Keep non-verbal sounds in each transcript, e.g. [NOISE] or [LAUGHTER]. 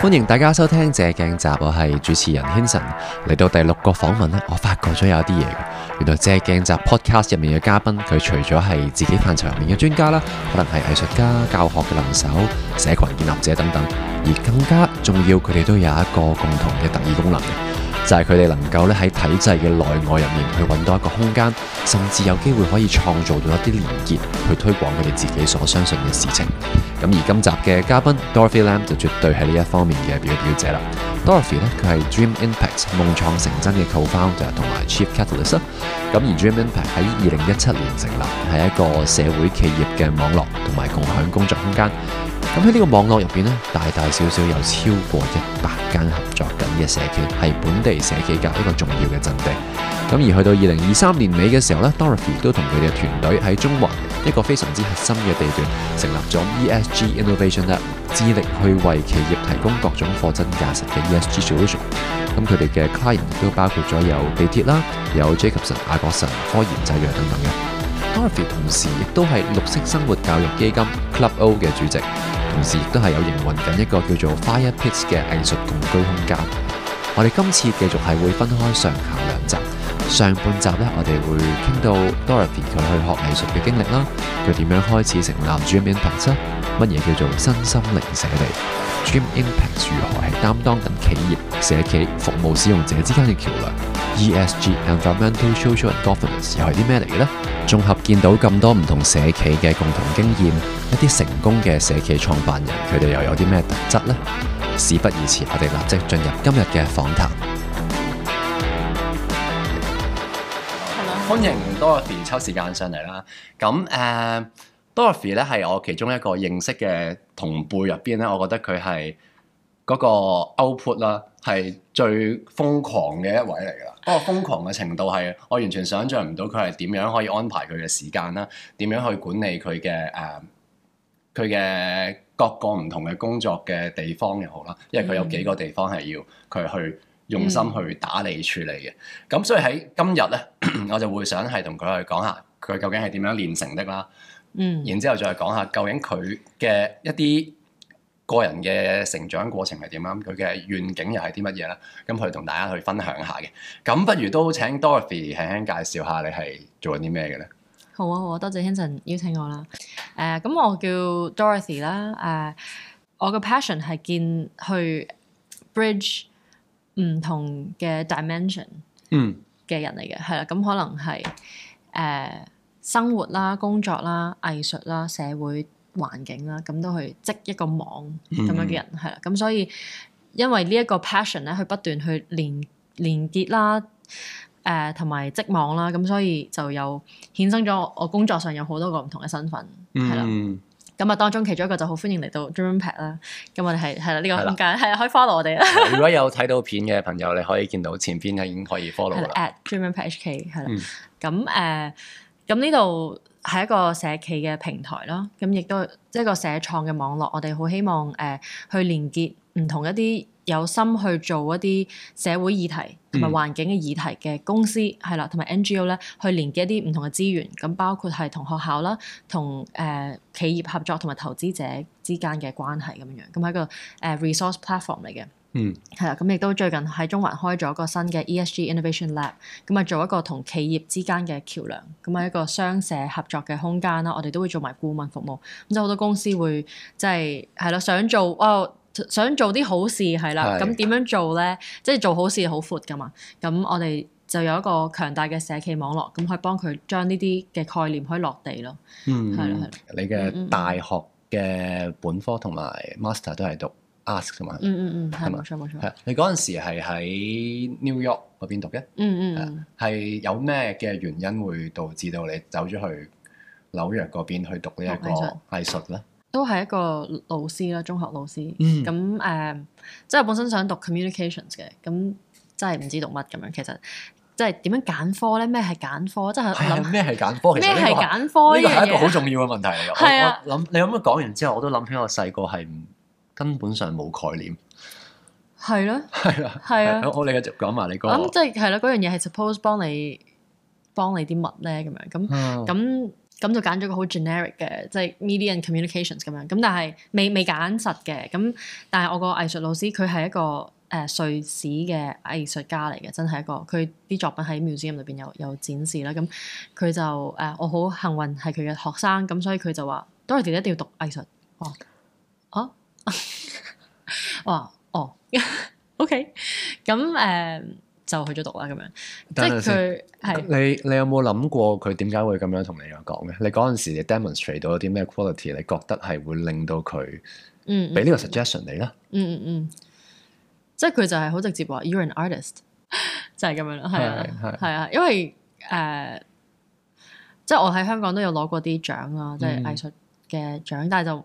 歡迎大家收聽《借鏡集》，我係主持人軒神。嚟到第六個訪問咧，我發覺咗有啲嘢。原來《借鏡集》podcast 入面嘅嘉賓，佢除咗係自己範疇入面嘅專家啦，可能係藝術家、教學嘅能手、社群建立者等等，而更加重要，佢哋都有一個共同嘅特異功能。就係佢哋能夠咧，喺體制嘅內外入面去揾到一個空間，甚至有機會可以創造到一啲連結，去推廣佢哋自己所相信嘅事情。咁而今集嘅嘉賓 Dorothy Lam 就絕對係呢一方面嘅表表者啦。Dorothy 咧，佢係 Dream Impact 夢創成真嘅 Co-Founder 同埋 Chief Catalyst。咁而 Dream Impact 喺二零一七年成立，係一個社會企業嘅網絡同埋共享工作空間。咁喺呢個網絡入邊呢，大大小小有超過一百間合作緊嘅社企，係本地社企界一個重要嘅陣地。咁而去到二零二三年尾嘅時候呢 d o r o t h y 都同佢哋嘅團隊喺中環一個非常之核心嘅地段成立咗 ESG Innovation l 致力去為企業提供各種貨真價實嘅 ESG solution。咁佢哋嘅 client 亦都包括咗有地鐵啦，有 Jacobson、a g 神、科研製藥等等嘅。Dorothy 同時亦都係綠色生活教育基金 Club O 嘅主席，同時亦都係有營運緊一個叫做 Firepit 嘅藝術共居空間。我哋今次繼續係會分開上下兩集，上半集咧，我哋會傾到 Dorothy 佢去學藝術嘅經歷啦，佢點樣開始成立 Dream Impact？乜嘢叫做身心靈社地？Dream Impact 如何係擔當緊企業、社企、服務使用者之間嘅橋梁。E S G Environmental Social and Governance 又係啲咩嚟嘅呢？綜合見到咁多唔同社企嘅共同經驗，一啲成功嘅社企創辦人，佢哋又有啲咩特質呢？事不宜遲，我哋立即進入今日嘅訪談。Hello. 歡迎 Dorothy 抽時間上嚟啦。咁、uh, Dorothy 咧係我其中一個認識嘅同輩入邊咧，我覺得佢係。嗰個 output 啦，係最瘋狂嘅一位嚟㗎。不、那、過、個、瘋狂嘅程度係，我完全想像唔到佢係點樣可以安排佢嘅時間啦，點樣去管理佢嘅誒，佢嘅各個唔同嘅工作嘅地方又好啦。因為佢有幾個地方係要佢去用心去打理處理嘅。咁、嗯嗯、所以喺今日咧，我就會想係同佢去講下佢究竟係點樣練成的啦。嗯。然之後再講下究竟佢嘅一啲，個人嘅成長過程係點啊？佢嘅願景又係啲乜嘢咧？咁佢同大家去分享下嘅。咁不如都請 Dorothy 輕輕介紹下你係做緊啲咩嘅咧？好啊，好多謝 Henry 邀請我啦。誒，咁我叫 Dorothy 啦、uh,。誒，我嘅 passion 係見去 bridge 唔同嘅 dimension，嗯嘅人嚟嘅，係啦。咁可能係誒、uh, 生活啦、工作啦、藝術啦、社會、環境啦，咁都去織一個網咁樣嘅人係啦，咁所以因為呢一個 passion 咧，佢不斷去連連結啦，誒同埋織網啦，咁、嗯、所以就有衍生咗我工作上有好多個唔同嘅身份係啦，咁啊、mm. 當中其中一個就好歡迎嚟到 Dream Impact 啦、嗯，咁、嗯、我哋係係啦呢個空間係可以 follow 我哋啦。 [LAUGHS] 嗯、如果有睇到片嘅朋友，你可以見到前邊已經可以 follow 啦，at Dream Impact HK 係啦，咁誒咁呢度，係一個社企嘅平台咯，咁亦都即係一個社創嘅網絡。我哋好希望誒、呃、去連結唔同一啲有心去做一啲社會議題同埋環境嘅議題嘅公司係啦，同埋 NGO 咧去連結一啲唔同嘅資源，咁包括係同學校啦、同誒、呃、企業合作同埋投資者之間嘅關係咁樣樣，咁係一個誒、呃、resource platform 嚟嘅。嗯，係啦，咁亦都最近喺中環開咗個新嘅 ESG Innovation Lab，咁啊做一個同企業之間嘅橋梁，咁啊一個商社合作嘅空間啦。我哋都會做埋顧問服務，咁即係好多公司會即係係咯想做哦，想做啲好事係啦，咁點的樣做咧？即係的做好事好闊噶嘛，咁我哋就有一個強大嘅社企網絡，咁可以幫佢將呢啲嘅概念可以落地咯。嗯，係啦，你嘅大學嘅本科同埋 Master、嗯、都係讀。ask 同埋、嗯，嗯嗯嗯，係冇錯冇錯。係你嗰陣時係喺 New York 嗰邊讀嘅、嗯，嗯嗯，係有咩嘅原因會導致到你走咗去紐約嗰邊去讀藝術呢一個藝術咧？都係一個老師啦，中學老師。咁誒、嗯，uh, 即係本身想讀 communications 嘅，咁真係唔知讀乜咁樣。其實即係點樣揀科咧？咩係揀科？即係咩係揀科？咩係揀科？呢個係一個好重要嘅問題嚟嘅。係、嗯、啊，我諗你咁樣，講完之後我都諗起我細個係根本上冇概念，係咯，係啊，係啊。啊我我哋繼續講埋你嗰，那個，咁即係係咯，嗰樣嘢係 suppose 幫你幫你啲乜咧？咁樣咁咁咁就揀咗個好 generic 嘅即係，就是、media and communications 咁樣咁，但係未未揀實嘅咁。但係我個藝術老師佢係一個誒、呃、瑞士嘅藝術家嚟嘅，真係一個佢啲作品喺 Museum 裏邊有有展示啦。咁佢就誒、呃、我好幸運係佢嘅學生，咁所以佢就話，Dorothy 一定要讀藝術。哦，啊？哇、 [LAUGHS] 哦，哦 [LAUGHS] ，OK，咁誒、uh, 就去咗讀啦，咁樣。等等即係佢係你，嗯、你有冇諗過佢點解會咁樣同你講嘅？你嗰陣時你 demonstrate 到有啲咩 quality？你覺得係會令到佢嗯俾呢個 suggestion 你啦？嗯嗯嗯，嗯，嗯，嗯，即係佢就係好直接話，You're an artist，就係、是、咁樣啦，係啊係啊，啊，啊，因為誒、uh, 即係我喺香港都有攞過啲獎啊，即係藝術嘅獎，但係就。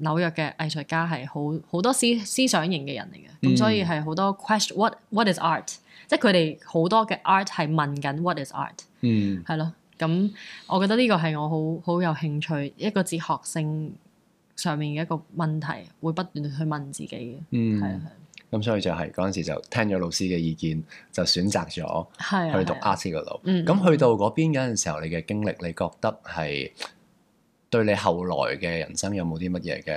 紐約嘅藝術家係好好多思思想型嘅人嚟嘅，咁、嗯、所以係好多 question what what is art，即係佢哋好多嘅 art 係問緊 what is art，係咯、嗯，咁我覺得呢個係我好好有興趣一個哲學性上面嘅一個問題，會不斷去問自己嘅，嗯，係啊，咁所以就係嗰陣時就聽咗老師嘅意見，就選擇咗係去讀 art 嘅路，咁去到嗰邊有陣時候你嘅經歷，你覺得係？對你後來嘅人生有冇啲乜嘢嘅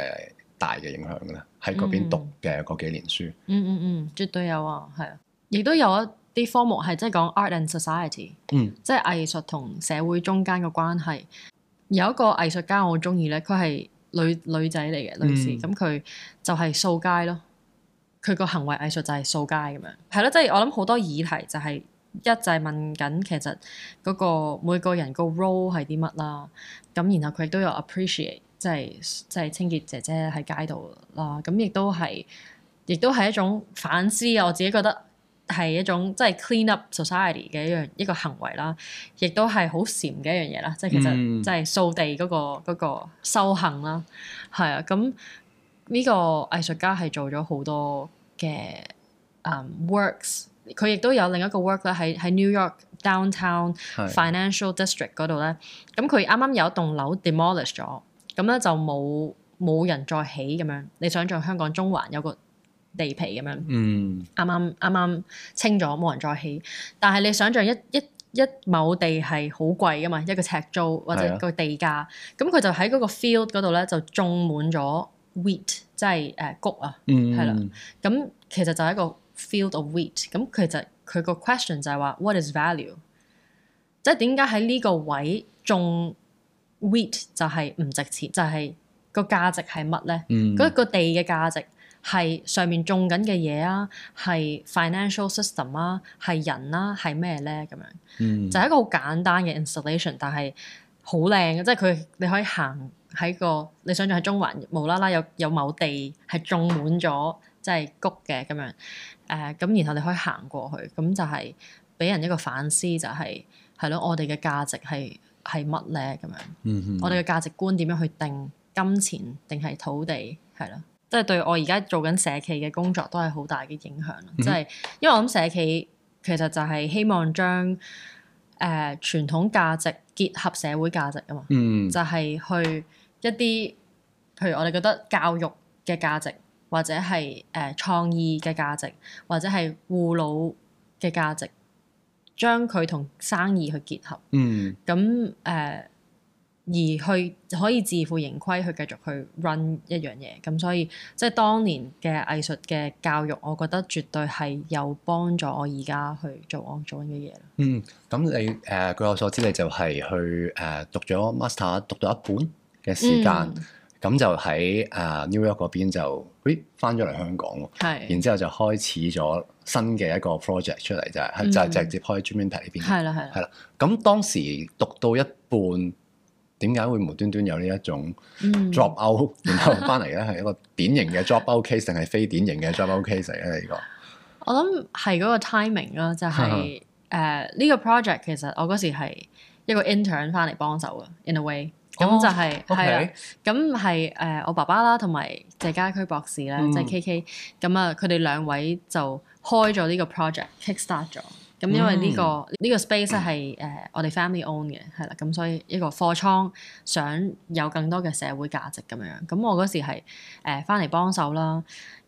大嘅影響咧？喺嗰邊讀嘅嗰幾年書，嗯嗯嗯，絕對有啊，係啊，亦都有一啲科目係即係講 art and society，嗯，即係藝術同社會中間嘅關係。有一個藝術家我中意咧，佢係女女仔嚟嘅女士，咁佢、嗯、就係掃街咯。佢個行為藝術就係掃街咁樣，係咯，即係我諗好多議題就係一就係問緊其實嗰個每個人個 role 係啲乜啦。咁然後佢亦都有 appreciate，即係即係清潔姐姐喺街度啦。咁亦都係，亦都係一種反思啊！我自己覺得係一種即係 clean up society 嘅一樣一個行為啦，亦都係好禪嘅一樣嘢啦。即係其實即係掃地嗰個嗰個修行啦，係啊。咁呢個藝術家係做咗好多嘅 works，佢亦都有另一個 work 咧喺喺 New York。Downtown Financial District 嗰度咧，咁佢啱啱有一棟樓 demolished 咗，咁咧就冇冇人再起咁樣。你想象香港中環有個地皮咁樣，啱啱啱啱清咗冇人再起，但係你想象一一一畝地係好貴㗎嘛，一個尺租或者一個地價，咁佢是的 就喺嗰個 field 嗰度咧就種滿咗 wheat，即係誒、呃、谷啊，係啦、嗯，咁其實就係一個 field of wheat，咁其實。佢個 question 就係話：What is value？即係點解喺呢個位種 wheat 就係唔值錢？就係個價值係乜咧？嗰個地嘅價值係上面種緊嘅嘢啊，係 financial system 啊，係人啦，係咩咧？咁樣就係一個好簡單嘅 installation，但係好靚嘅。即係佢你可以行喺個你想象喺中環無啦啦有有某地係種滿咗即係穀嘅咁樣。誒咁，然後你可以行過去，咁就係俾人一個反思，就係，就係係咯，我哋嘅價值係係乜咧？咁樣，嗯、哼我哋嘅價值觀點樣去定金錢定係土地？係咯，即係對我而家做緊社企嘅工作都係好大嘅影響。即係因為我諗社企其實就係希望將誒傳統價值結合社會價值啊嘛，嗯、就係去一啲譬如我哋覺得教育嘅價值。或者係誒、呃、創意嘅價值，或者係護老嘅價值，將佢同生意去結合。嗯。咁誒、呃，而去可以自負盈虧去繼續去 run 一樣嘢。咁所以，即係當年嘅藝術嘅教育，我覺得絕對係有幫助我而家去做安做緊嘅嘢。嗯，咁你誒、呃、據我所知，你就係去誒、呃、讀咗 Master 讀到一半嘅時間。嗯咁就喺啊 New York 嗰邊就，誒翻咗嚟香港喎，是然之後就開始咗新嘅一個 project 出嚟啫，mm hmm. 就就直接開專門睇呢邊。係啦係啦，係啦。咁當時讀到一半，點解會無端端有呢一種 drop out，mm hmm. 然後翻嚟咧？係一個典型嘅 drop out case 定係非典型嘅 drop out case 咧？呢、呢個我諗係嗰個 timing 咯、就係，就係誒呢個 project 其實我嗰時係一個 intern 翻嚟幫手嘅，in a way。咁就係係啦，咁係誒我爸爸啦，同埋謝家駒博士啦，嗯、即係 K K。咁啊，佢哋兩位就開咗呢個 project kick start 咗。咁因為呢、呢個呢、嗯、個 space 係誒、嗯、我哋 family own 嘅，係啦，咁所以一個貨倉想有更多嘅社會價值咁樣。咁我嗰時係誒翻嚟幫手啦。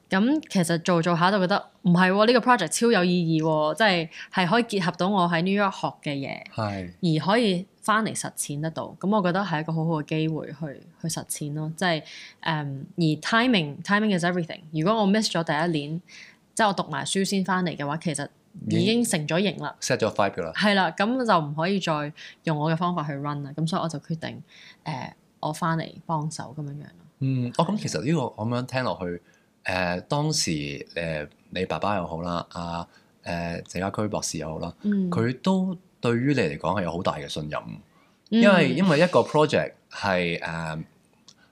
咁其實做完做下就覺得唔係呢個 project 超有意義，即係係可以結合到我喺 New York 學嘅嘢，的而可以。翻嚟實踐得到，咁、嗯、我覺得係一個好好嘅機會去去實踐咯，即係誒、嗯、而 timing，timing tim is everything。如果我 miss 咗第一年，即係我讀埋書先翻嚟嘅話，其實已經成咗型啦，set 咗 five 啦。係啦，咁就唔可以再用我嘅方法去 run 啦。咁、嗯、所以我就決定誒、呃、我翻嚟幫手咁樣樣咯。嗯，的哦咁其實呢、這個咁樣聽落去誒、呃、當時誒、呃、你爸爸又好啦，啊誒謝家駒博士又好啦，佢都、嗯。對於你嚟講係有好大嘅信任，因為因為一個 project 係誒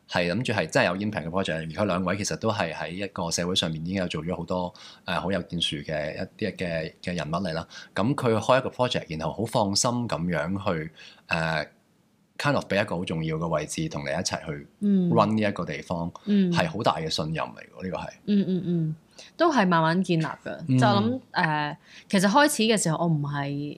係諗住係真係有 impact 嘅 project，而佢兩位其實都係喺一個社會上面已經有做咗好多誒好、呃、有建樹嘅一啲嘅嘅人物嚟啦。咁佢開一個 project，然後好放心咁樣去誒 kind of 俾一個好重要嘅位置同你一齊去 run 呢一個地方，係好大嘅信任嚟㗎。呢個係嗯嗯嗯都係慢慢建立㗎。嗯、就諗誒、呃，其實開始嘅時候我唔係。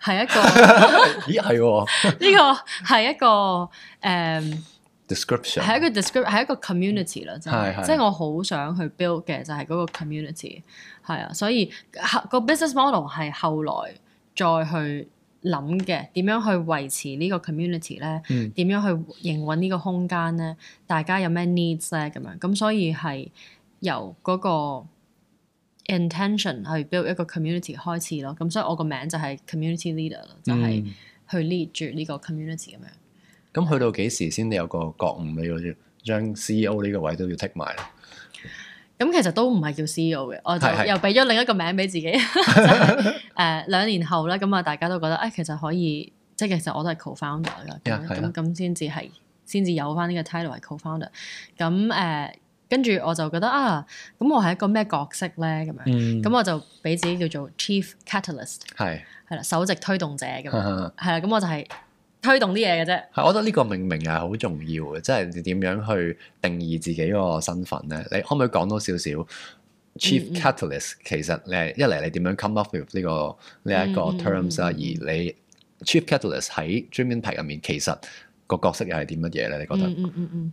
係 [LAUGHS] 一個，咦係喎？呢個係一個誒，description 係一個 description 係一個 community 啦，就係、嗯、即係我好想去 build 嘅就係、是、嗰個 community，係是啊，所以、這個 business model 係後來再去諗嘅，點樣去維持個呢個 community 咧？點、嗯、樣去營運呢個空間咧？大家有咩 needs 咧？咁樣咁所以係由嗰、那個 intention 去 build 一個 community 開始咯，咁所以我個名就係 community leader 啦 lead、嗯，就係去 lead 住呢個 community 咁樣。咁去到幾時先你有個覺悟你要將 CEO 呢個位都要 take 埋？咁其實都唔係叫 CEO 嘅，我就又俾咗另一個名俾自己。誒、 [LAUGHS] [LAUGHS] 嗯、兩年後咧，咁啊大家都覺得誒、哎、其實可以，即係其實我都係 co-founder 噶，咁咁先至係先至有翻呢個 title 係 co-founder。咁誒。嗯 uh, 跟住我就覺得啊，咁我係一個咩角色咧？咁樣、嗯，咁我就俾自己叫做 chief catalyst，係係啦是，首席推動者咁樣，係啦，咁我就係推動啲嘢嘅啫。係，我覺得呢個命名係好重要嘅，即係點樣去定義自己個身份咧？你可唔可以講多少少 chief catalyst？、嗯嗯、其實你一嚟你點樣 come up with 呢個呢一個 terms 啊？而你 chief catalyst 喺 dreaming 牌入面，其實個角色又係點乜嘢咧？你覺得？嗯嗯。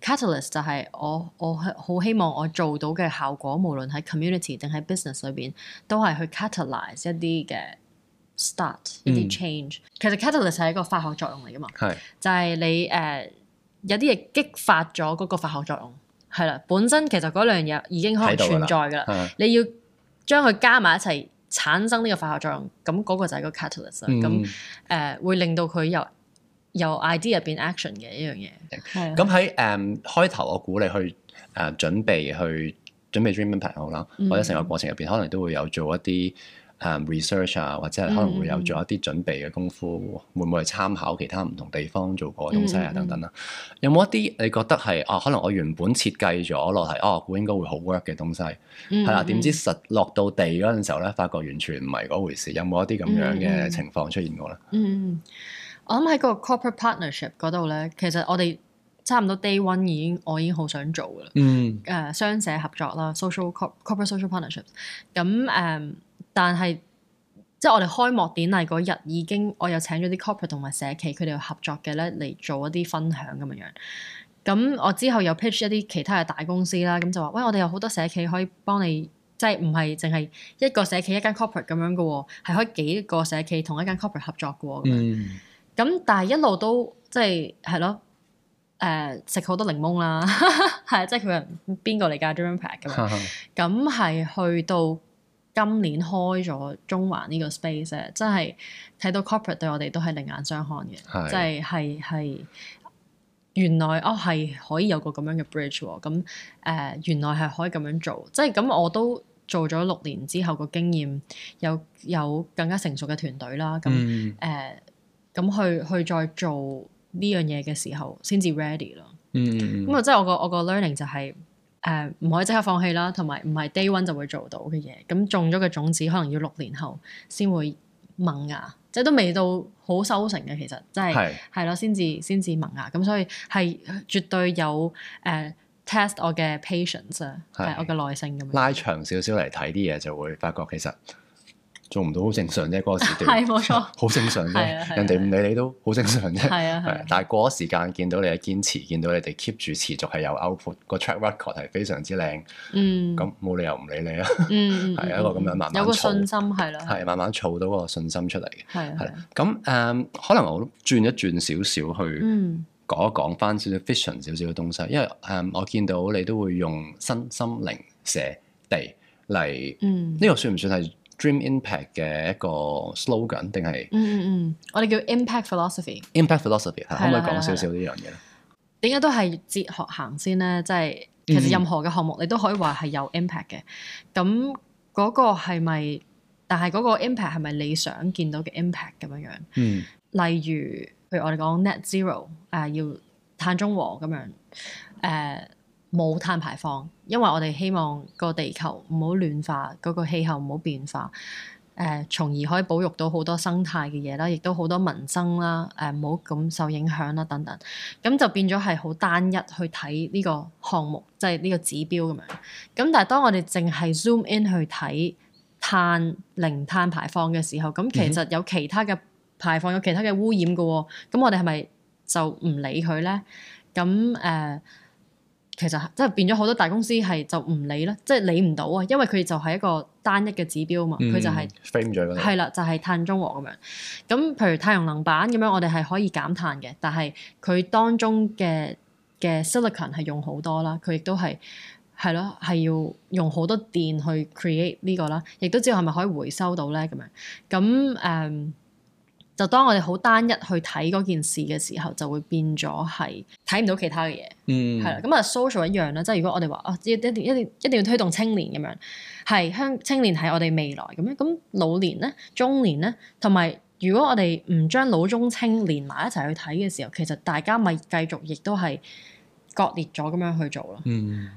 catalyst 就係我我係好希望我做到嘅效果，無論喺 community 定喺 business 裏邊，都係去 catalyse 一啲嘅 start、嗯、一啲 change。其實 catalyst 係一個化學作用嚟噶嘛，是就係你誒、uh, 有啲嘢激發咗嗰個化學作用，係啦，本身其實嗰兩樣已經可能存在噶啦，你要將佢加埋一齊產生呢個化學作用，咁嗰個就係個 catalyst，咁誒、嗯 uh, 會令到佢由由 idea 入邊 action 嘅一樣嘢，咁喺誒開頭，我估你去誒、uh, 準備去準備 Dream Impact 啦，嗯、或者成個過程入邊，可能都會有做一啲誒、um, research 啊，或者可能會有做一啲準備嘅功夫，嗯、會唔會去參考其他唔同地方做過嘅東西啊、嗯、等等啦？有冇一啲你覺得係啊？可能我原本設計咗落嚟，哦、啊，我估應該會好 work 嘅東西，係啦、嗯，點知實落到地嗰陣時候咧，發覺完全唔係嗰回事。有冇一啲咁樣嘅情況出現過咧、嗯？嗯。嗯嗯。我諗喺個 corporate partnership 嗰度咧，其實我哋差唔多 day one 已經，我已經好想做噶啦。誒、嗯，雙社合作啦，social corporate social partnership。咁誒，um, 但係即係我哋開幕典禮嗰日已經，我又請咗啲 corporate 同埋社企，佢哋合作嘅咧嚟做一啲分享咁樣樣。咁我之後又 pitch 一啲其他嘅大公司啦，咁就話，喂，我哋有好多社企可以幫你，即係唔係淨係一個社企一間 corporate 咁樣㗎喎，係可以幾個社企同一間 corporate 合作㗎喎咁樣。嗯咁但係一路都即係係咯，誒食好多檸檬啦，係 [LAUGHS] 即係佢邊個嚟㗎？Dream Impact 咁，咁係 [LAUGHS] 去到今年開咗中環呢個 space 咧，即係睇到 corporate 對我哋都係另眼相看嘅，即係係係原來哦係可以有個咁樣嘅 bridge 咁、哦、誒、呃，原來係可以咁樣做，即係咁我都做咗六年之後個經驗，有有更加成熟嘅團隊啦，咁、嗯、誒。嗯咁去去再做呢樣嘢嘅時候，先至 ready 咯。嗯嗯咁啊，即係我個我個 learning 就係、是、誒，唔、呃、可以即刻放棄啦，同埋唔係 day one 就會做到嘅嘢。咁種咗個種子，可能要六年後先會萌芽，即係都未到好收成嘅。其實即係係咯，先至先至萌芽。咁所以係絕對有誒、呃、test 我嘅 patience，係我嘅耐性咁樣拉長少少嚟睇啲嘢，就會發覺其實。做唔到好正常啫，嗰個時段係冇錯，好正常啫。人哋唔理你都好正常啫。係啊，係啊。但係過咗時間，見到你嘅堅持，見到你哋 keep 住持續係有 output，個 track record 係非常之靚。嗯，咁冇理由唔理你啊。嗯，係一個咁樣慢慢有個信心係啦。係慢慢儲到個信心出嚟嘅。係。係。咁誒，可能我都轉一轉少少去講一講翻少少 fashion 少少嘅東西，因為誒我見到你都會用身心靈社地嚟。嗯，呢個算唔算係？Dream Impact 嘅一個 slogan 定係嗯嗯嗯，我哋叫 Impact Philosophy Impact Philosophy、嗯。Impact Philosophy 嚇，可唔可以講少少呢樣嘢咧？點解都係哲學行先咧？即、就、係、是、其實任何嘅項目，你都可以話係有 impact 嘅。咁嗰、那個係咪？但係嗰個 impact 係咪你想見到嘅 impact 咁樣樣？嗯。例如，譬如我哋講 Net Zero，誒、呃、要碳中和咁樣，誒、呃。冇碳排放，因為我哋希望個地球唔好暖化，嗰個氣候唔好變化，誒、呃，從而可以保育到好多生態嘅嘢啦，亦都好多民生啦，誒、呃，唔好咁受影響啦等等。咁就變咗係好單一去睇呢個項目，即係呢個指標咁樣。咁但係當我哋淨係 zoom in 去睇碳零碳排放嘅時候，咁其實有其他嘅排放，有其他嘅污染嘅喎、哦。咁我哋係咪就唔理佢咧？咁誒、呃其實即係變咗好多大公司係就唔理啦，即係理唔到啊，因為佢就係一個單一嘅指標啊嘛，佢就係，嗯，係啦，就係碳中和咁樣。咁譬如太陽能板咁樣，我哋係可以減碳嘅，但係佢當中嘅嘅 silicon 係用好多啦，佢亦都係係咯，係要用好多電去 create 呢個啦，亦都知道係咪可以回收到咧咁樣。咁誒。嗯就當我哋好單一去睇嗰件事嘅時候，就會變咗係睇唔到其他嘅嘢。嗯、mm，係、hmm. 啦。咁啊，social 一樣啦。即係如果我哋話啊，一一定一定要推動青年咁樣，係香青年喺我哋未來咁樣。咁老年咧、中年咧，同埋如果我哋唔將老中青連埋一齊去睇嘅時候，其實大家咪繼續亦都係割裂咗咁樣去做咯。嗯、mm，hmm.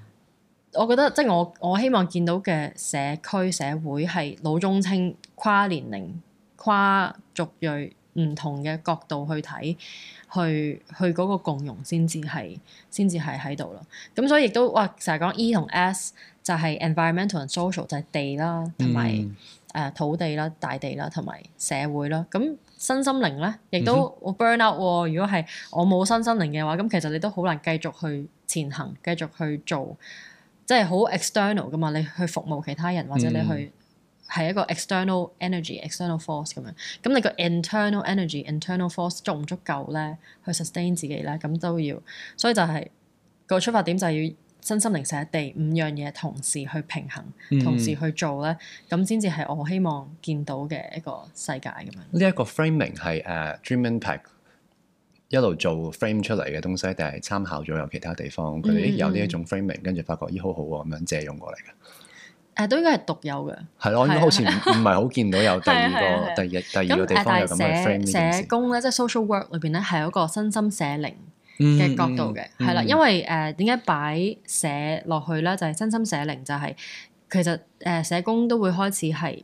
我覺得即係、就是、我我希望見到嘅社區社會係老中青跨年齡。跨族裔唔同嘅角度去睇，去去嗰個共融先至係先至係喺度咯。咁所以亦都哇，成日講 E 同 S 就係 environmental and social，就係地啦，同埋誒土地啦、大地啦，同埋社會啦。咁身心靈咧，亦都我 burn out。如果係我冇身心靈嘅話，咁其實你都好難繼續去前行，繼續去做，即係好 external 噶嘛。你去服務其他人，或者你去。嗯係一個 external energy、external force 咁樣，咁你個 internal energy、internal force 足唔足夠咧？去 sustain 自己咧，咁都要，所以就係、是那個出發點就係要身心靈、社地、五樣嘢同時去平衡，嗯、同時去做咧，咁先至係我希望見到嘅一個世界咁樣。呢一個 framing 係誒、uh, Dream Impact 一路做 frame 出嚟嘅東西，定係參考咗有其他地方佢哋、嗯、有呢一種 framing，跟住發覺咦好好、啊、喎，咁樣借用過嚟嘅。誒都應該係獨有嘅，係咯， [NOISE] 應該好似唔唔係好見到有第二個、 [LAUGHS] 的第二第二 [LAUGHS] 個地方有咁嘅 friend 社工咧，即係 social work 裏邊咧，係有一個身心社靈嘅角度嘅，係啦、嗯，因為誒點解擺社落去咧，就係、是、身心社靈，就係、是、其實誒社工都會開始係。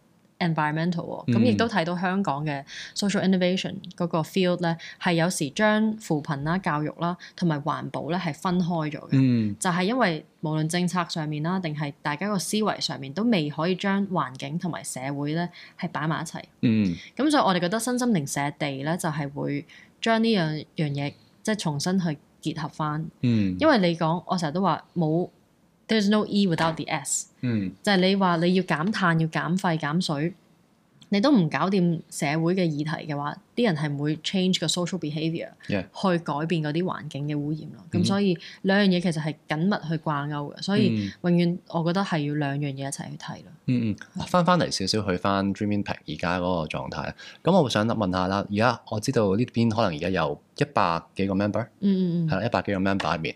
environmental 喎、嗯，咁亦都睇到香港嘅 social innovation 嗰個 field 咧，係有時將扶貧啦、教育啦同埋環保咧係分開咗嘅，嗯、就係因為無論政策上面啦，定係大家個思維上面都未可以將環境同埋社會咧係擺埋一齊，嗯，咁所以我哋覺得身心靈社地咧就係、是、會將呢樣樣嘢即係重新去結合翻，嗯，因為你講，我成日都話冇。There's no E without the S，, S,、嗯、 就係你話你要減碳、要減廢、減水，你都唔搞掂社會嘅議題嘅話，啲人係唔會 change 個 social behavior 去改變嗰啲環境嘅污染咯。咁、嗯、所以兩樣嘢其實係緊密去掛鈎嘅，所以永遠我覺得係要兩樣嘢一齊去睇咯、嗯。嗯嗯，返返嚟少少去返 Dream Impact 而家嗰個狀態，咁我會想問下啦。而家我知道呢邊可能而家有一百幾個 member，嗯嗯嗯，係、嗯、啦，一百、yeah, 幾個 member 入面。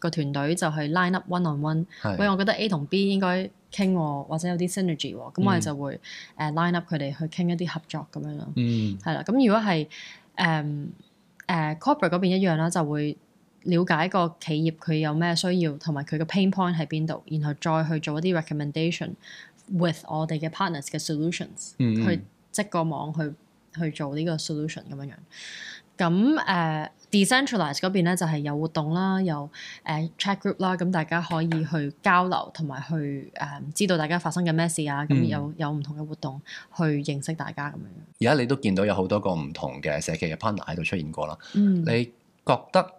個團隊就去 line up one on one，的喂，我覺得 A 同 B 應該傾喎，或者有啲 synergy 喎、哦，咁、嗯、我哋就會誒 line up 佢哋去傾一啲合作咁樣咯，係啦、嗯。咁如果係誒誒 corporate 嗰邊一樣啦，就會了解個企業佢有咩需要，同埋佢嘅 pain point 喺邊度，然後再去做一啲 recommendation with 我哋嘅 partners 嘅 solutions、嗯嗯、去織個網去去做呢個 solution 咁樣樣。咁誒。Uh, Decentralize 嗰邊咧就係有活動啦，有誒 chat group 啦，咁大家可以去交流同埋去誒知道大家發生嘅咩事啊，咁、嗯、有有唔同嘅活動去認識大家咁樣。而家你都見到有好多個唔同嘅社企嘅 partner 喺度出現過啦。嗯、你覺得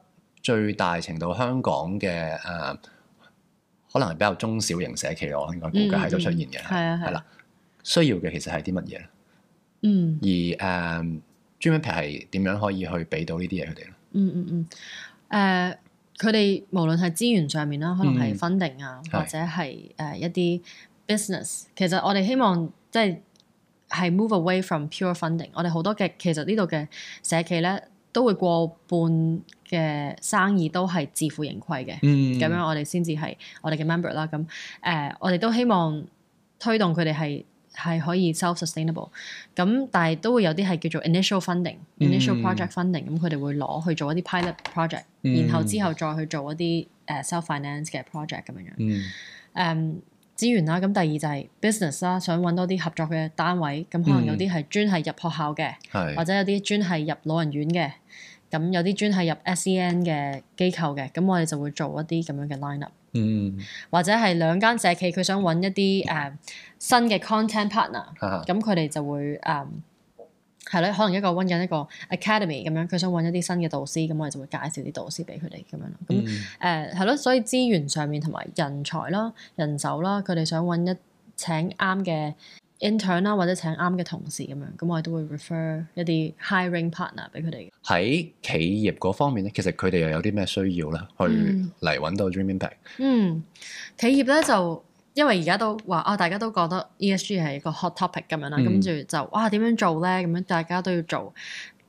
最大程度香港嘅誒、呃、可能係比較中小型社企咯，我應該估計喺度出現嘅係、嗯嗯、啊係啦，需要嘅其實係啲乜嘢咧？嗯。而誒，特別係點樣可以去俾到呢啲嘢佢哋咧？嗯嗯嗯，誒，佢哋無論係資源上面啦，可能係 funding 啊，嗯、或者係誒、uh, 一啲 business，是其實我哋希望即係係 move away from pure funding 我。我哋好多嘅其實呢度嘅社企咧，都會過半嘅生意都係自負盈虧嘅。嗯，咁樣我哋先至係我哋嘅 member 啦。咁誒、uh, 我哋都希望推動佢哋係。係可以 self sustainable，咁但係都會有啲係叫做 initial funding，initial、嗯、project funding，咁佢哋會攞去做一啲 pilot project、嗯、然後之後再去做一啲誒 self finance 嘅 project 咁樣、嗯、樣。誒、um, 資源啦，咁第二就係 business 啦，想揾多啲合作嘅單位，咁可能有啲係專係入學校嘅，嗯、或者有啲專係入老人院嘅，咁是有啲專係入 SEN 嘅機構嘅，咁我哋就會做一啲咁樣嘅 line up。嗯，或者係兩間社企，佢想揾一啲誒。Uh, 新嘅 content partner，咁佢哋就會誒係咯，可能一個揾緊一個 academy 咁樣，佢想揾一啲新嘅導師，咁我哋就會介紹啲導師俾佢哋咁樣咯。咁誒係咯，所以資源上面同埋人才啦、人手啦，佢哋想揾一請啱嘅 intern 啦，或者請啱嘅同事咁樣，咁我哋都會 refer 一啲 hiring partner 俾佢哋。喺企業嗰方面咧，其實佢哋又有啲咩需要咧，去嚟揾、嗯、到 Dream Impact？嗯，企業咧就。因為而家都話啊，大家都覺得 ESG 係一個 hot topic 咁樣啦，跟住就哇點樣做咧？咁樣大家都要做。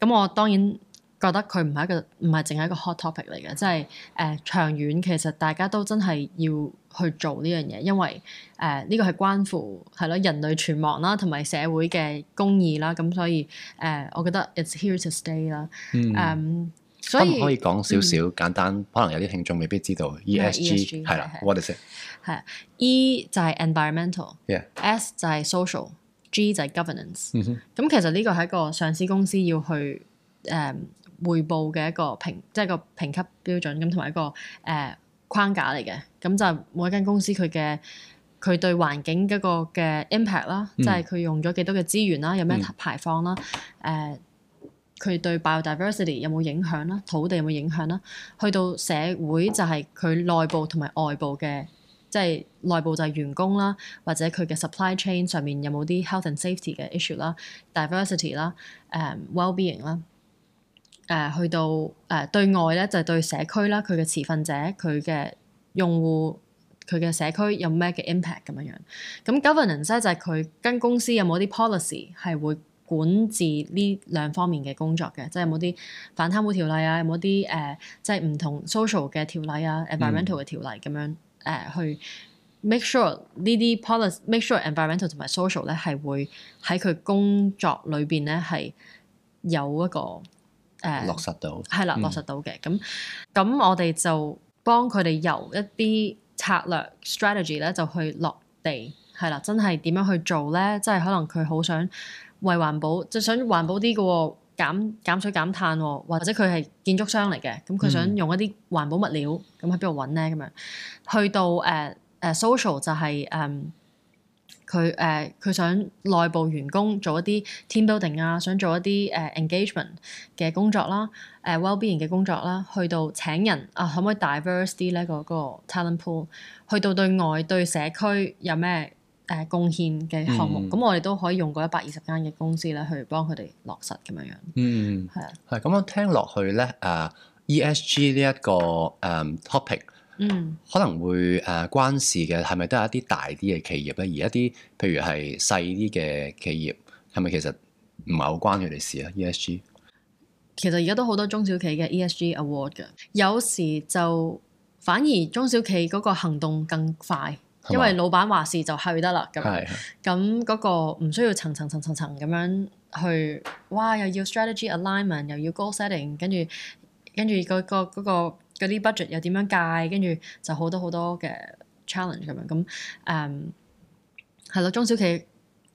咁我當然覺得佢唔係一個唔係淨係一個 hot topic 嚟嘅，即係誒長遠其實大家都真係要去做呢樣嘢，因為誒呢、呃這個係關乎係咯人類存亡啦，同埋社會嘅公義啦，咁、嗯、所以誒、呃、我覺得 it's here to stay 啦，誒、嗯。Um, 可唔可以講少少簡單？嗯、可能有啲聽眾未必知道 E S G 係啦，what is it？係 E 就係 environmental，S Yeah. 就係 social，G 就係 governance、mm。咁其實呢個係一個上市公司要去誒匯報嘅一個評，即係個評級標準，咁同埋一個誒框架嚟嘅。咁就每一間公司佢嘅佢對環境嗰個嘅 impact 啦，即係佢用咗幾多嘅資源啦，有咩排放啦，誒。佢對 biodiversity 有冇影響啦？土地有冇影響啦？去到社會就係佢內部同埋外部嘅，即係內部就係員工啦，或者佢嘅 supply chain 上面有冇啲 health and safety 嘅 issue 啦、diversity 啦、誒 well being 啦、誒去到誒、uh, 對外咧就係、對社區啦、佢嘅持份者、佢嘅用戶、佢嘅社區有咩嘅 impact 咁樣樣。咁 governance 咧就係佢跟公司有冇啲 policy 係會。管治呢兩方面嘅工作嘅，即係有冇啲反貪污條例啊，有冇啲誒即係唔同 social 嘅條例啊，environmental 嘅條例咁樣誒、嗯呃、去 make sure 呢啲 policy，make sure environmental 同埋 social 咧係會喺佢工作裏邊咧係有一個誒、呃、落實到，係啦落實到嘅，咁咁、嗯、我哋就幫佢哋由一啲策略 strategy 咧就去落地。係啦，真係點樣去做咧？即係可能佢好想為環保，就想環保啲嘅減減水減碳，或者佢係建築商嚟嘅，咁佢想用一啲環保物料，咁喺邊度揾咧？咁樣去到誒誒、uh, uh, social 就係誒佢誒佢想內部員工做一啲 team building 啊，想做一啲誒、uh, engagement 嘅工作啦、啊，誒、uh, well being 嘅工作啦、啊，去到請人啊，可唔可以 diverse 啲咧？嗰、那個 talent pool，去到對外對社區有咩？誒貢獻嘅項目，咁、嗯、我哋都可以用嗰一百二十間嘅公司咧，去幫佢哋落實咁樣樣，係啊、嗯。係咁樣聽落去咧，誒 E S G 呢一個誒 topic，可能會誒、呃、關事嘅係咪都係一啲大啲嘅企業咧？而一啲譬如係細啲嘅企業係咪其實唔係好關佢哋事啊？E S G 其實而家都好多中小企嘅 E S G award 嘅，有時就反而中小企嗰個行動更快。因為老闆話事就去得啦，咁咁嗰個唔需要層層層層層咁樣去，哇又要 strategy alignment，又要 goal setting，跟住跟住嗰個嗰啲、那個那個那個、budget 又點樣計，跟住就好多好多嘅 challenge 咁樣咁，誒係咯，中小企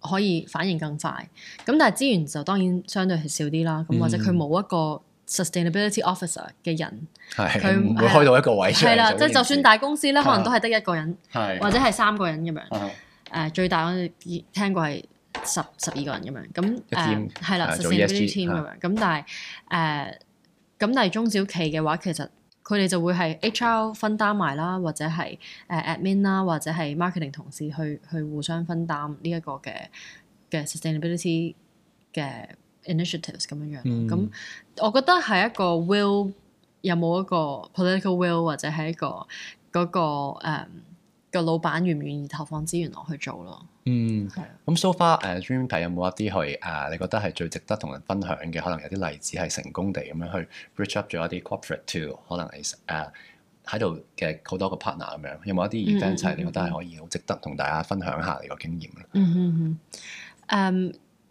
可以反應更快，咁但係資源就當然相對係少啲啦，咁、嗯、或者佢冇一個。sustainability officer 嘅人，佢唔會開到一個位出嚟。係啦，即係就算大公司咧，可能都係得一個人，或者係三個人咁樣。誒，最大我聽過係十十二個人咁樣。咁誒係啦，sustainability team 咁樣。咁但係誒，咁但係中小企嘅話，其實佢哋就會係 HR 分擔埋啦，或者係誒 admin 啦，或者係 marketing 同事去去互相分擔呢一個嘅嘅 sustainability 嘅。initiatives 咁樣樣咁、嗯、我覺得係一個 will 有冇一個 political will，或者係一個嗰、嗰個誒、um, 個老闆願唔願意投放資源落去做咯。嗯，係啊。咁、嗯、so far 誒、uh, Dream 睇有冇一啲係誒你覺得係最值得同人分享嘅，可能有啲例子係成功地咁樣去 reach up 咗一啲 corporate too，可能係誒喺度嘅好多個 partner 咁樣，有冇一啲 event、嗯嗯嗯、你覺得係可以好值得同大家分享下你個經驗嗯嗯嗯。嗯 um,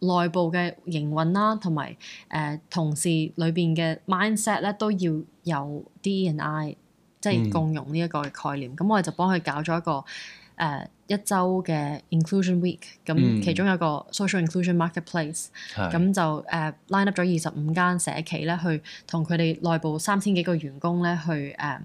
內部嘅營運啦、呃，同埋誒同事裏邊嘅 mindset 咧，都要有 D and I、嗯、即係共融呢一個概念。咁、嗯、我哋就幫佢搞咗一個誒、呃、一周嘅 Inclusion Week，咁其中有一個 Social Inclusion Marketplace，咁、嗯、就誒、呃的 uh, line up 咗二十五間社企咧，去同佢哋內部三千幾個員工咧，去誒、呃、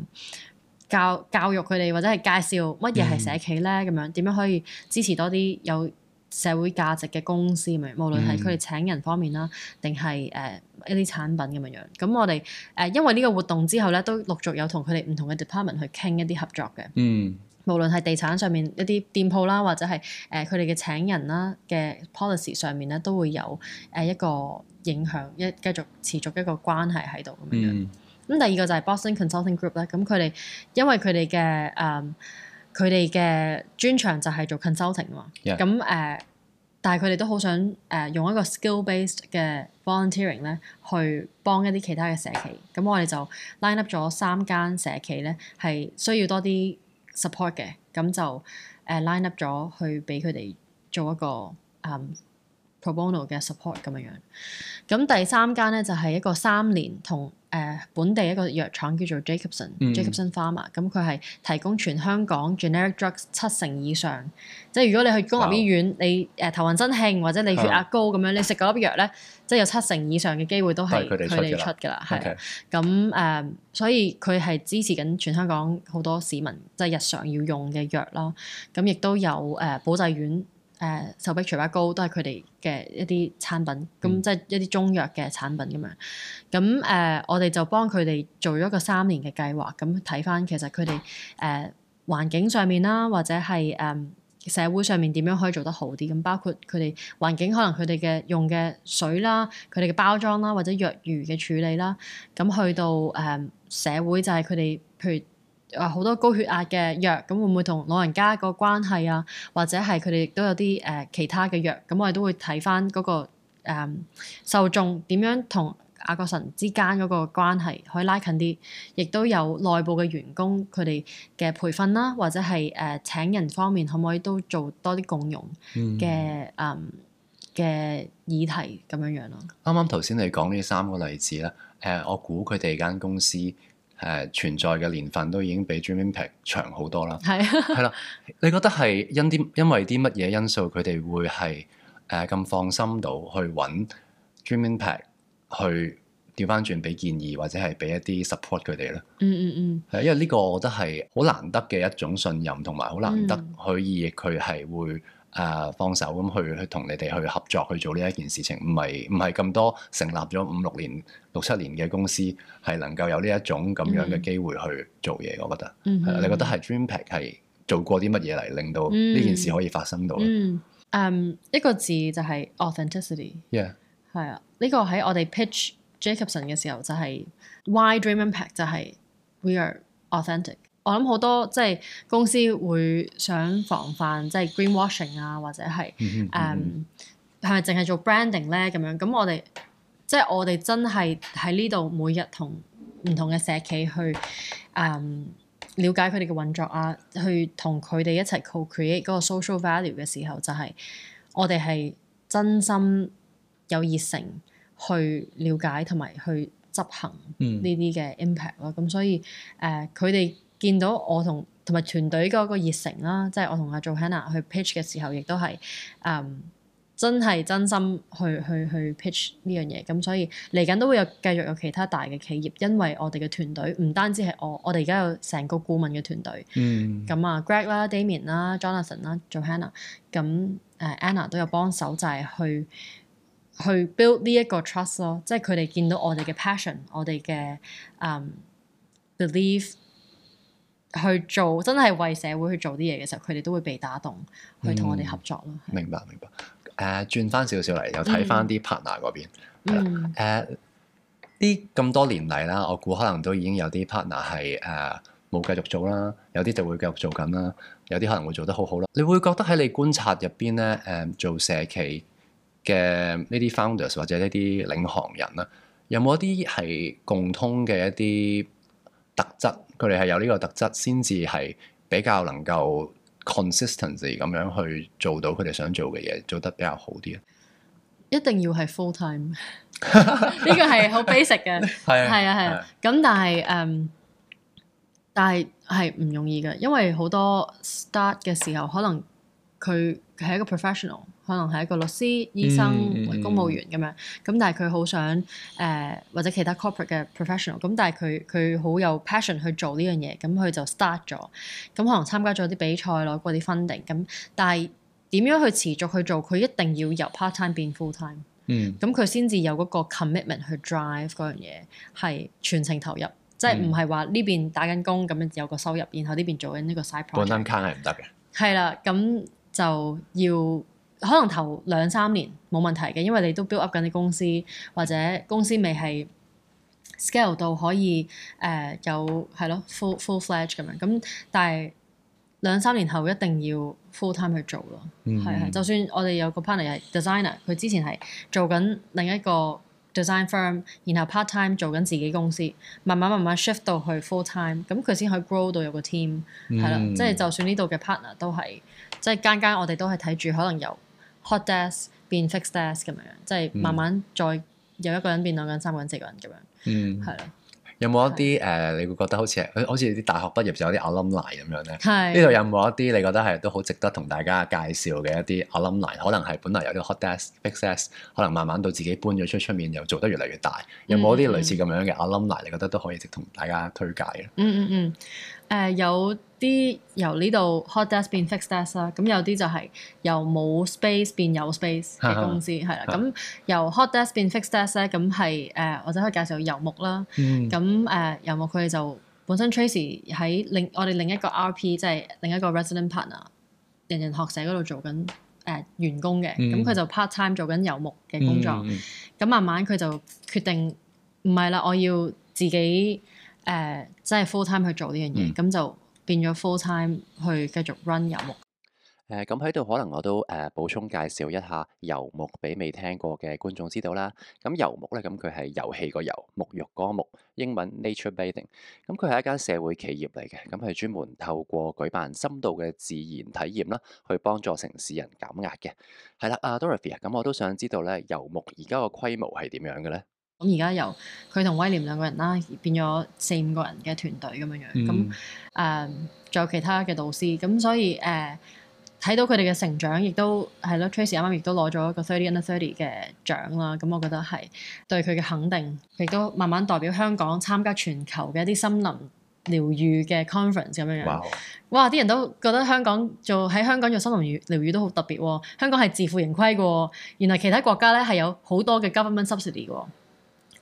教教育佢哋，或者係介紹乜嘢係社企咧，咁、嗯、樣點樣可以支持多啲有社會價值嘅公司咁樣，無論係佢哋請人方面啦，定係誒一啲產品咁樣樣。咁我哋誒、呃、因為呢個活動之後咧，都陸續有同佢哋唔同嘅 department 去傾一啲合作嘅。嗯。無論係地產上面一啲店鋪啦，或者係誒佢哋嘅請人啦嘅 policy 上面咧，都會有誒、呃、一個影響，一繼續持續一個關係喺度咁樣樣。咁、嗯嗯嗯、第二個就係 Boston Consulting Group 咧、嗯，咁佢哋因為佢哋嘅誒。佢哋嘅專長就係做 consulting 啊嘛，咁誒 Yeah.、嗯，但係佢哋都好想誒、嗯、用一個 skill-based 嘅 volunteering 咧，去幫一啲其他嘅社企。咁、嗯、我哋就 line up 咗三間社企咧，係需要多啲 support 嘅，咁、嗯、就誒 line up 咗去俾佢哋做一個誒、um, pro bono 嘅 support 咁樣樣。咁、嗯、第三間咧就係、是、一個三年同。誒、uh, 本地一個藥廠叫做 Jacobson，Jacobson、mm. Pharma，咁佢係提供全香港 generic drugs 七成以上，即係如果你去公立醫院，oh. 你誒、呃、頭暈身㷫或者你血壓高咁、oh. 樣，你食嗰粒藥咧，即係有七成以上嘅機會都係佢哋出㗎啦，係。咁誒的，Okay. uh, 所以佢係支持緊全香港好多市民即係、就是、日常要用嘅藥啦，咁亦都有誒、uh, 保濟丸。誒，手筆除疤膏都係佢哋嘅一啲產品，咁、嗯、即係一啲中藥嘅產品咁樣。咁誒、呃，我哋就幫佢哋做咗個三年嘅計劃，咁睇翻其實佢哋誒環境上面啦，或者係誒、嗯、社會上面點樣可以做得好啲？咁包括佢哋環境，可能佢哋嘅用嘅水啦，佢哋嘅包裝啦，或者藥餘嘅處理啦，咁去到誒、嗯、社會就係佢哋佢。譬如誒好多高血壓嘅藥，咁會唔會同老人家個關係啊？或者係佢哋亦都有啲誒、呃、其他嘅藥，咁我哋都會睇翻嗰個、呃、受眾點樣同雅各臣之間嗰個關係可以拉近啲，亦都有內部嘅員工佢哋嘅培訓啦，或者係誒、呃、請人方面可唔可以都做多啲共用嘅誒嘅議題咁樣樣咯。啱啱頭先你講呢三個例子啦。誒、呃、我估佢哋間公司。誒、呃、存在嘅年份都已經比 Dream Impact 長好多啦，係啦， [LAUGHS] 你覺得係因啲因為啲乜嘢因素佢哋會係誒咁放心到去揾 Dream Impact 去調翻轉俾建議或者係俾一啲 support 佢哋咧？嗯嗯嗯，係呀，因為呢個我覺得係好難得嘅一種信任同埋好難得可以佢係會。誒、啊、放手咁、嗯、去去同你哋去合作去做呢一件事情，唔係唔係咁多成立咗五六年、六七年嘅公司係能夠有呢一種咁樣嘅機會去做嘢，mm hmm. 我覺得。嗯、啊、哼。你覺得係 Dream Impact 係做過啲乜嘢嚟令到呢件事可以發生到咧？嗯、mm，hmm. um, 一個字就係 authenticity Yeah.。Yeah。係啊，呢個喺我哋 pitch Jacobson 嘅時候就係 Why Dream Impact 就係 We are authentic。我諗好多即係公司會想防範即係 greenwashing 啊，或者係誒係咪淨係做 branding 咧？咁樣咁我哋即係我哋真係喺呢度每日同唔同嘅社企去誒、嗯、了解佢哋嘅運作啊，去同佢哋一齊 co-create 嗰個 social value 嘅時候，就係、是、我哋係真心有熱誠去了解同埋去執行呢啲嘅 impact 咯、啊。咁、嗯、所以誒佢哋。呃見到我同同埋團隊嗰個熱誠啦，即係我同阿 Johanna 去 pitch 嘅時候，亦都係嗯真係真心去去去 pitch 呢樣嘢。咁所以嚟緊都會有繼續有其他大嘅企業，因為我哋嘅團隊唔單止係我，我哋而家有成個顧問嘅團隊。嗯。咁啊，Greg 啦、Damien 啦、Jonathan 啦、Johanna 咁誒 Anna 都有幫手，就係去去 build 呢一個 trust 咯，即係佢哋見到我哋嘅 passion，我哋嘅嗯 belief。Um, believe, 去做真係為社會去做啲嘢嘅時候，佢哋都會被打動，去同我哋合作咯。嗯、的明白，明白。誒、呃，轉翻少少嚟，又睇翻啲 partner 嗰邊。誒、嗯，呢咁、呃、多年嚟啦，我估可能都已經有啲 partner 係誒冇、呃、繼續做啦，有啲就會繼續做緊啦，有啲可能會做得好好啦。你會覺得喺你觀察入邊咧，誒、呃、做社企嘅呢啲 founders 或者呢啲領航人啦，有冇一啲係共通嘅一啲？特質，佢哋係有呢個特質，先至係比較能夠 consistent 咁樣去做到佢哋想做嘅嘢，做得比較好啲啊！一定要係 full time，呢 [LAUGHS] 個係好 basic 嘅，係啊係啊係啊，咁但係誒，但係係唔容易嘅，因為好多 start 嘅時候，可能佢係一個 professional。可能係一個律師、醫生、公務員咁樣咁，嗯、但係佢好想誒、呃、或者其他 corporate 嘅 professional 咁，但係佢佢好有 passion 去做呢樣嘢，咁佢就 start 咗咁，可能參加咗啲比賽攞過啲 funding 咁，但係點樣去持續去做，佢一定要由 part time 變 full time，咁佢先至有嗰個 commitment 去 drive 嗰樣嘢係全程投入，嗯、即係唔係話呢邊打緊工咁樣有個收入，然後呢邊做緊呢個 side project。唔得嘅，係啦，咁就要。可能頭兩三年冇問題嘅，因為你都 build up 緊啲公司，或者公司未係 scale 到可以誒、呃、有係咯 full full fledged 咁樣。咁但係兩三年後一定要 full time 去做咯，係係。Mm hmm. 就算我哋有個 partner 係 designer，佢之前係做緊另一個 design firm，然後 part time 做緊自己公司，慢慢慢慢 shift 到去 full time，咁佢先可以 grow 到有個 team 係啦。即係就算呢度嘅 partner 都係，即係間間我哋都係睇住可能有。hot desk 變 fixed desk 咁樣，即係慢慢再由一個人變兩個人、三個人、四個人咁樣，係啦、嗯。的有冇一啲誒的、uh，你會覺得好似佢好似啲大學畢業有啲 alumni 咁樣咧？呢度的有冇一啲你覺得係都好值得同大家介紹嘅一啲 alumni？可能係本來有啲 hot desk fixed desk，可能慢慢到自己搬咗出出面又做得越嚟越大。嗯、有冇啲類似咁樣嘅 alumni？、Um，你覺得都可以同大家推介嘅、嗯？嗯嗯嗯，誒、嗯呃、有。啲由呢度 hot desk 變 fixed desk 啦，咁有啲就係由冇 space 變有 space 嘅公司係啦。咁 [LAUGHS] 由 hot desk 變 fixed desk 咧，咁係誒，或者可以介紹游牧啦。咁誒、嗯，游牧佢哋就本身 Tracy 喺另我哋另一個 RP，即係另一個 resident partner，人人學社嗰度做緊誒、呃、員工嘅。咁佢、嗯、就 part time 做緊游牧嘅工作。咁、嗯、慢慢佢就決定唔係啦，我要自己誒即係 full time 去做呢樣嘢。咁就、嗯嗯變咗 full time 去繼續 run 遊牧。誒、呃，咁喺度可能我都誒、呃、補充介紹一下遊牧俾未聽過嘅觀眾知道啦。咁、嗯、遊牧咧，咁佢係遊戲個遊，沐浴嗰個沐，英文 nature bathing。咁佢係一間社會企業嚟嘅，咁佢係專門透過舉辦深度嘅自然體驗啦，去幫助城市人減壓嘅。係、嗯、啦，啊 Dorothy，啊、嗯，咁我都想知道咧，遊牧而家個規模係點樣嘅咧？咁而家由佢同威廉兩個人啦，變咗四五個人嘅團隊咁樣樣。咁誒、嗯，仲、呃、有其他嘅導師。咁所以誒、睇、呃、到佢哋嘅成長，亦都係咯。Tracy 啱啱亦都攞咗一個 Thirty Under Thirty 嘅獎啦。咁我覺得係對佢嘅肯定，亦都慢慢代表香港參加全球嘅一啲森林療愈嘅 conference 咁樣樣。哇！啲人都覺得香港做喺香港做森林療愈都好特別。香港係自負盈虧嘅，原來其他國家咧係有好多嘅 government subsidy 嘅。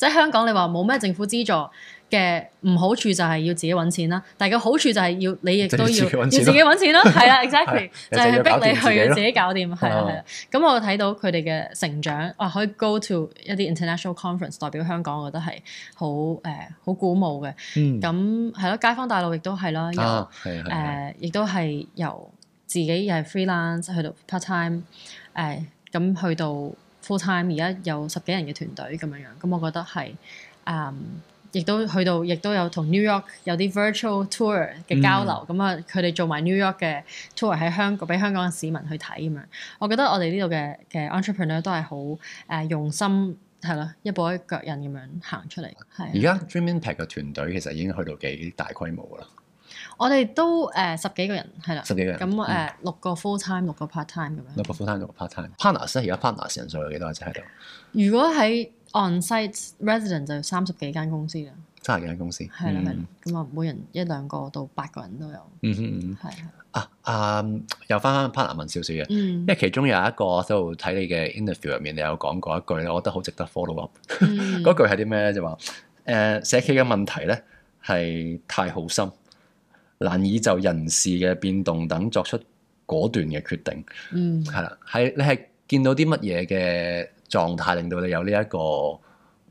即香港你，你話冇咩政府資助嘅唔好處就係要自己揾錢啦，但係個好處就係要你亦都要自要自己揾錢咯，係啦 [LAUGHS] ，exactly [LAUGHS] 就係逼你去要自己搞掂，係啦，係啦。咁我睇到佢哋嘅成長，哇、啊，可以 go to 一啲 international conference，代表香港，我覺得係好誒好鼓舞嘅。咁係咯，街坊大路亦都係啦，又誒，亦都係由自己又係 freelance 去到 part time，誒、呃、咁去到。Full time 而家有十幾人嘅團隊咁樣樣，咁我覺得係誒，亦、嗯、都去到，亦都有同 New York 有啲 virtual tour 嘅交流，咁啊、嗯，佢哋做埋 New York 嘅 tour 喺香港，俾香港嘅市民去睇咁樣。我覺得我哋呢度嘅嘅 entrepreneur 都係好誒用心，係咯，一步一腳印咁樣行出嚟。係。而家 Dream Impact 嘅團隊其實已經去到幾大規模啦。我哋都誒十幾個人係啦，十幾個人咁誒、嗯嗯、六個 full time，六個 part time 咁樣。六個 full time，六個 part time。partners 而家 partners 人數有幾多啊？就喺度。如果喺 on site resident 就三十幾間公司啦。三十幾間公司。係啦的，係啦、嗯。咁啊，嗯嗯、每人一兩個到八個人都有。嗯嗯，係係的。啊啊！呃、又翻翻 partner 問少少嘅，因為、嗯、其中有一個喺度睇你嘅 interview 入面，你有講過一句咧，我覺得好值得 follow up、嗯。嗰句係啲咩咧？就話誒社企嘅問題咧係 [LAUGHS] 太好心。難以就人事嘅變動等作出果斷嘅決定，嗯，係啦，係你係見到啲乜嘢嘅狀態令到你有呢、呢、一個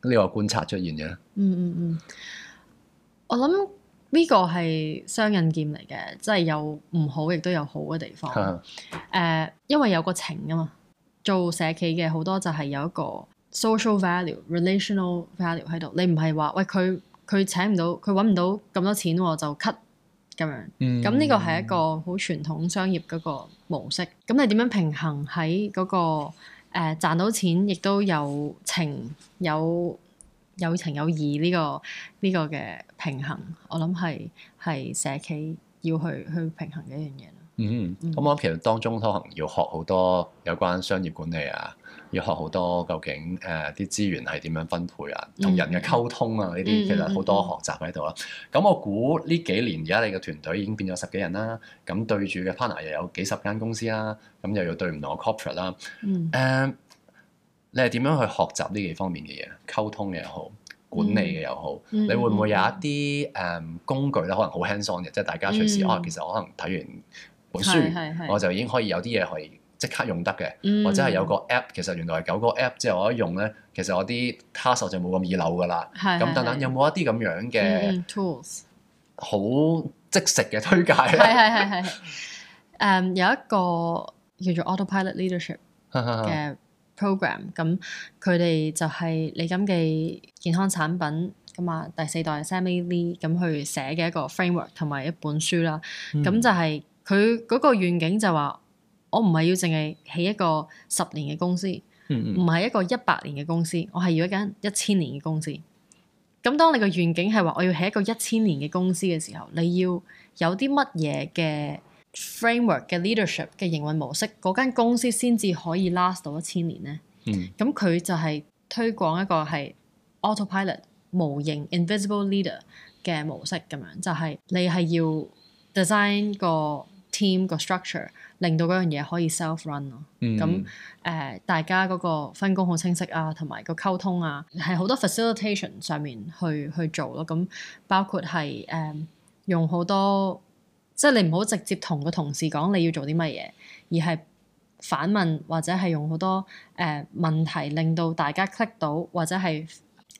呢、呢個觀察出現嘅咧、嗯？嗯嗯嗯，我諗呢個係雙刃劍嚟嘅，即係有唔好亦都有好嘅地方。誒、嗯，uh, 因為有個情啊嘛，做社企嘅好多就係有一個 social value、relational value 喺度。你唔係話喂，佢佢，請唔到佢，揾唔到咁多錢我就 cut。咁樣，嗯，咁呢個係一個好傳統商業個模式。咁你點樣平衡喺嗰個誒、呃、賺到錢亦都有情有有情有義呢個呢個嘅平衡？我諗係係社企要去去平衡嘅一樣嘢。嗯，咁我覺得其實當中可能要學好多有關商業管理啊，要學好多究竟誒啲、呃、資源係點樣分配啊，同人嘅溝通啊呢啲、嗯、其實好多學習喺度啦。咁、嗯嗯、我估呢幾年而家你嘅團隊已經變咗十幾人啦，咁對住嘅 partner 又有幾十間公司啦，咁又要對唔同嘅 corporate 啦。誒、嗯，uh, 你係點樣去學習呢幾方面嘅嘢？溝通嘅又好，管理嘅又好，嗯嗯、你會唔會有一啲誒、呃、工具咧？可能好輕鬆嘅，即係大家隨時哦。能、啊、其實我可能睇完。本書是是是我就已經可以有啲嘢可以即刻用得嘅。嗯、或者係有個 app，其實原來係搞嗰個 app 之後我一用咧，其實我啲卡 a 就冇咁易扭噶啦。咁是等等有冇一啲咁樣嘅 tools 好即食嘅推介咧？係係係有一個叫做 Autopilot Leadership 嘅 program，咁佢哋就係你今嘅健康產品噶嘛，第四代 s m m e 咁去寫嘅一個 framework 同埋一本書啦，咁、嗯、就係、是。佢嗰個願景就話我唔係要淨係起一個十年嘅公司，唔係、嗯嗯、一個一百年嘅公司，我係要一間一千年嘅公司。咁當你個願景係話我要起一個一千年嘅公司嘅時候，你要有啲乜嘢嘅 framework 嘅 leadership 嘅營運模式，間公司先至可以 last 到一千年咧？咁佢、嗯、就係推廣一個係 autopilot 模型 invisible leader 嘅模式，咁樣就係、是、你係要 design 個。team 個 structure 令到嗰樣嘢可以 self run 咯、嗯，咁、呃、誒大家嗰個分工好清晰啊，同埋個溝通啊，係好多 facilitation 上面去去做咯、啊，咁包括係誒、呃、用好多，即係你唔好直接同個同事講你要做啲乜嘢，而係反問或者係用好多誒、呃、問題令到大家 click 到或者係。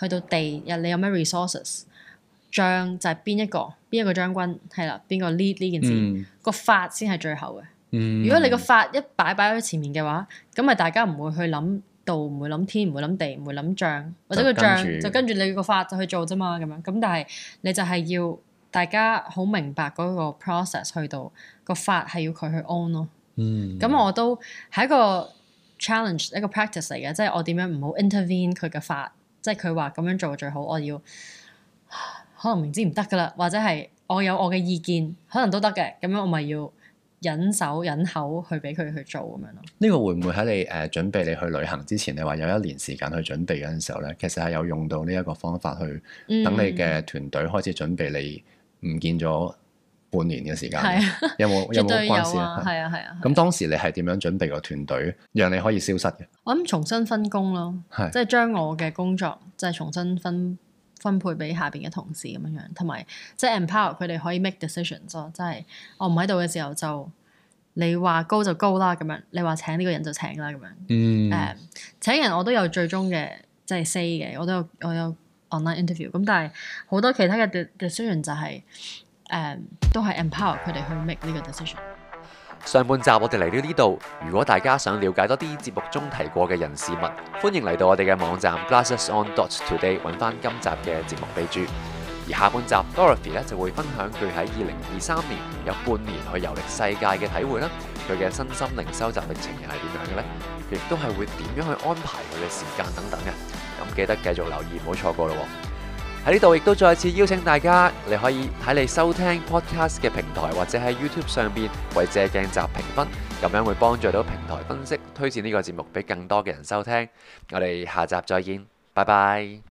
去到地，日你有咩 resources？將就係邊一個，邊一個將軍，係啦，邊個 lead 呢件事？嗯、個法先係最後嘅。嗯、如果你個法一擺擺喺前面嘅話，咁咪大家唔會去諗道，唔會諗天，唔會諗地，唔會諗將，或者個將就跟住你個法就去做啫嘛。咁樣咁，但係你就係要大家好明白嗰個 process 去到、個法係要佢去 own 咯。咁、嗯、我都係一個 challenge，一個 practice 嚟嘅，即、就、係、是、我點樣唔好 intervene 佢嘅法。即係佢話咁樣做最好，我要可能明知唔得噶啦，或者係我有我嘅意見，可能都得嘅。咁樣我咪要忍手忍口去俾佢去做咁樣咯。呢個會唔會喺你誒、呃、準備你去旅行之前，你話有一年時間去準備嗰陣時候咧，其實係有用到呢一個方法去等你嘅團隊開始準備你唔見咗、嗯？半年嘅時間，有冇有冇關係啊？係啊係啊。咁當時你係點樣準備個團隊，讓你可以消失嘅？我諗重新分工咯，即係將我嘅工作即係重新分分配俾下邊嘅同事咁樣樣，同埋即係 empower 佢哋可以 make decisions 咯，即係我唔喺度嘅時候就你話高就高啦，咁樣你話請呢個人就請啦，咁樣。嗯。誒，uh, 請人我都有最終嘅即係 say 嘅，我都有我有 online interview，咁但係好多其他嘅 decision 就係。誒、嗯，都係 empower 佢哋去 make 呢個 decision。上半集我哋嚟到呢度，如果大家想了解多啲節目中提過嘅人事物，歡迎嚟到我哋嘅網站 glasseson.today 揾翻今集嘅節目備註。而下半集 Dorothy 咧就會分享佢喺二零二三年有半年去遊歷世界嘅體會啦，佢嘅身心靈修習嘅情形係點樣嘅呢？亦都係會點樣去安排佢嘅時間等等嘅。咁、嗯、記得繼續留意，唔好錯過咯。喺呢度亦都再一次邀請大家，你可以喺你收聽 podcast 嘅平台或者喺 YouTube 上邊為借鏡集評分，咁樣會幫助到平台分析推薦呢個節目俾更多嘅人收聽。我哋下集再見，拜拜。